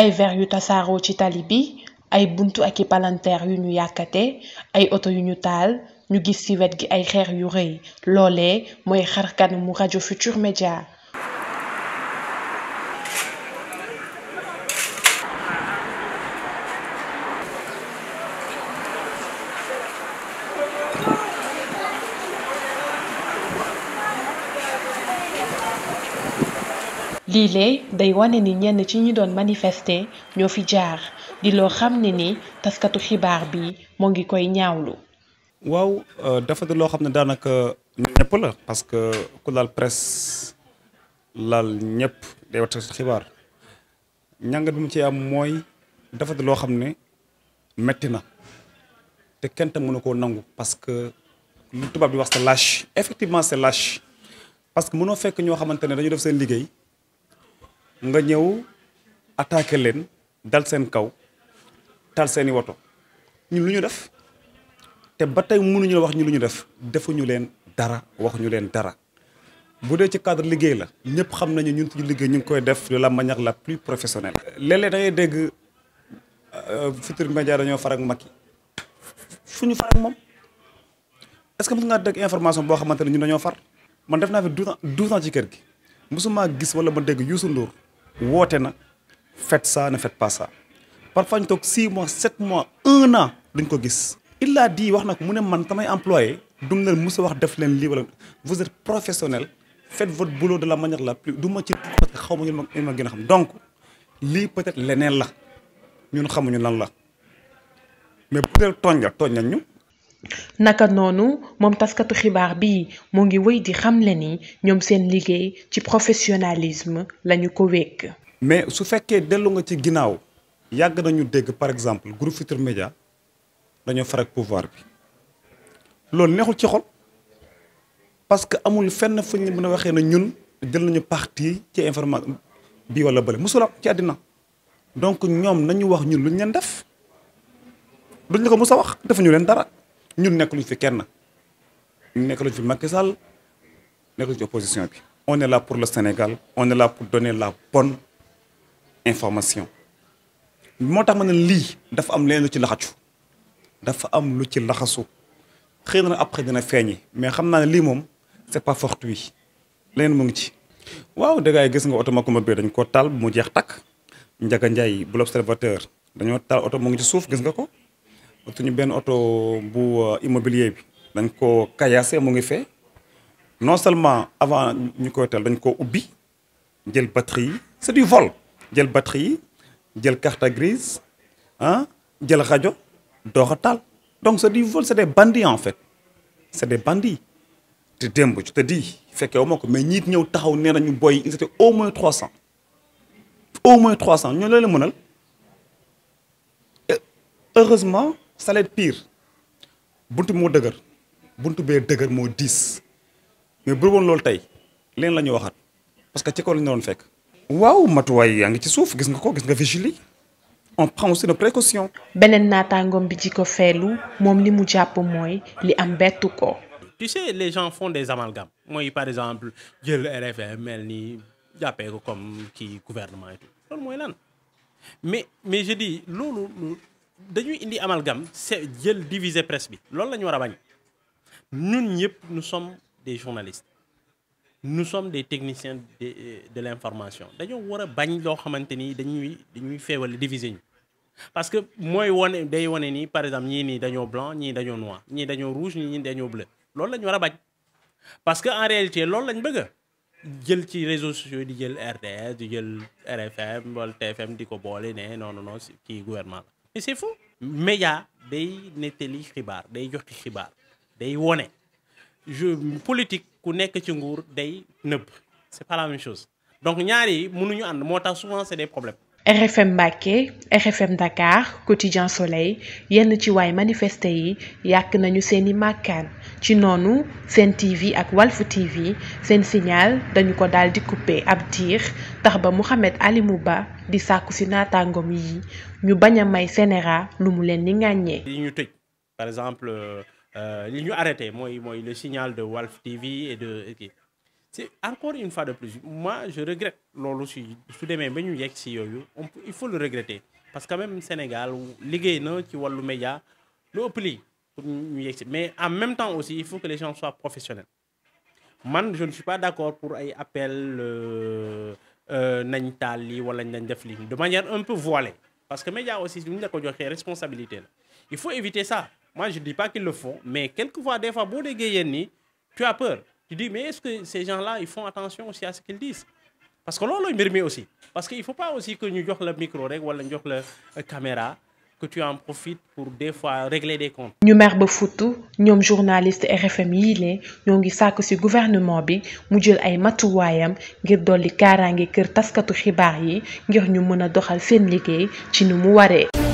ay verre yu tasaaroo ci tali bi ay buntu aki palanteer yu ñu yàkkate ay oto yu ñu taal ñu gis ci wet gi ay xeer yu rëy loolee mooy xarkanamu rajo Futurs Médias lii lee day wane ni ñenn ci ñu doon manifeste ñoo fi jaar di loo xam ne ni taskatu xibaar bi moo ngi koy ñaawlu. waaw euh, dafa di loo xam ne daanaka ñëpp la parce que ku laal presse laal ñëpp day wax taskatu xibaar ñàngat bi mu ci am mooy dafa di loo xam ne metti na te kenn tam mënu koo nangu parce que lu tubaab bi wax c'est lâche effectivement c'est lâche parce que mënoo fekk ñoo xamante ne dañu def seen liggéey. nga ñëw attaqué leen dal seen kaw tal seeni woto ñu lu ñu def te ba tey mënuñu wax ñu lu ñu def defuñu leen dara waxuñu leen dara bu dee ci cadre liggéey la ñëpp xam nañu ñun suñu liggéey ñu ngi koy def de ma manière la plus professionnelle. léeg-léeg da ngay dégg euh, Futurs dañoo far ak Macky fu ñu far ak moom est-ce que mos ngaa dégg information boo xamante ne ñun dañoo far man def naa fi douze ans douze ans ci kër gi mosuma gis wala ma dégg Youssou Ndour woote na faites saa ne faites pas ça parfois ñu toog 6 mois 7 mois 1 an dañ ko gis. il di wax na ko mu ne man tamay employé duñ leen mos wax def leen lii wala vous êtes professionnel fet votre boulot de la manière la plus du ci parce que xaw ma ngeen ma gën a xam donc lii peut-être leneen la ñun xamuñu lan la mais bu dee tooñ la tooñ nañ ñu. naka noonu moom taskatu xibaar bi mu ngi wéy di xamle ni ñoom seen liggéey ci professionnalisme lañu ko wékk mais su fekkee dellu nga ci ginnaaw yàgg nañu dégg par exemple groupe Futurs Médias dañoo far ak pouvoir bi loolu neexul ci xol parce que amul fenn fu ñu mën a waxee na ñun jël nañu parti ci information bi wala bële musula ci àddina donc ñoom nañu wax ñun lu ñu leen def duñ la ko mus a wax defuñu leen dara. ñun nekk luñ fi kenn ñun nekk luñ fi Macky Sall nekk luñ fi opposition bi on est pour le Sénégal on est là pour donner la bonne information moo tax ma ne lii dafa am leen lu ci laxatu dafa am lu ci laxasu xëy na après dina feeñi mais xam naa ne lii moom c'est pas fortuit leen mu ngi ci waaw dégg yi gis nga oto Macoumba bi dañ ko taal mu jeex takk Ndiaga Ndiaye bu l'observateur dañoo taal oto mu ngi ci suuf gis nga ko suñu benn oto bu euh, immobilier bi. dañ ko kayaase mu ngi fee non seulement avant ñu koy tal dañ ko ubbi jël batterie yi c'est du vol jël batterie yi jël carte grise ah jël rajo doox a taal donc c'est du vol c'est des bandits en fait c'est des bandits te démb je te dis fekkee ma ko mais ñiit ñëw taxaw nee ñu boy ils au moins trois cents au moins trois cents ñoo leen mënal heureusement salet bunt buntu moo dëgër bunt bee dëgër moo diis mais bu loolu tey leen la ñu waxaat parce que ci kaw la ñu doon fekk. waaw matuwaay yaa ngi ci suuf gis nga ko gis nga vigile on prend aussi nos précautions. beneen naataangoom bi ci ko feelu moom li mu jàpp mooy li am bett ko. tu sais les gens font des amalgames mooy par exemple jël RFM mel ni jàppee ko comme kii gouvernement et tout loolu mooy lan mais mais je dis loolu. dañuy indi amalgame c'est jël diviser presse bi loolu lañu ñu war a bañ ñun ñëpp nous sommes des journalistes nous some des techniciens de de l'information dañoo war a bañ loo xamante ni dañuy dañuy feewale diviser ñu parce que mooy wane day wane nii par exemple ñii nii dañoo blanc ñii dañoo noir ñii dañoo rouge ñii dañoo bleu loolu lañu ñu war a bañ parce que en réalité loolu lañu bëgg jël ci réseaux sociaux di jël RTS di jël RFM wala TFM di ko boole ne non non non kii gouvernement mais c'est fou média day nettali xibaar day joxe xibaar day wone je politique ku nekk ci nguur day nëbb c'est pas la même chose donc ñaar yi mënuñu ànd moo tax souvent c'est des problèmes RFM Mbacké RFM Dakar quotidien Soleil yenn ci waay manifesté yi yàq nañu seeni màkkaan ci noonu seen TV ak Walf TV seen signaal dañu ko daal di coupé ab diir tax ba Mouhamed Alimou Ba di sàkku si naataangoom yi ñu bañ a may CNRA lu mu leen di ŋàññee. yi ñu tëj par exemple euh, euh, li ñu arrêté mooy mooy le signal de Walf TV et de. c'est encore une fois de plus moi je regrette loolu si su demee ba ñu yegg si yooyu on il faut le regretter parce que même Sénégal liggéey na ci wàllu média lu ëpp lii pour ñu yegg si mais en même temps aussi il faut que les gens soient professionnels man je ne suis pas d'accord pour ay appel euh, euh, nañ taal lii wala nañ def lii de manière un peu voilée parce que média aussi lu de la ko joxee responsabilité la il faut éviter ça moi je dis pas qu'ils le font mais quelquefois des fois boo déggee yéen ni Tu mais est-ce que ces gens-là, ils font attention aussi Parce que l'on le mieux aussi. Parce qu'il ne faut pas aussi que nous ayons le micro euh, pour des fois régler des comptes. ñu mer ba futtu ñoom journaliste RFM yii lee ñoo ngi sàkk ci gouvernement bi mu jël ay matuwaayam ngir dolli kaaraange kër taskatu xibaar yi ngir ñu mën a doxal seen liggéey ci ni mu waree.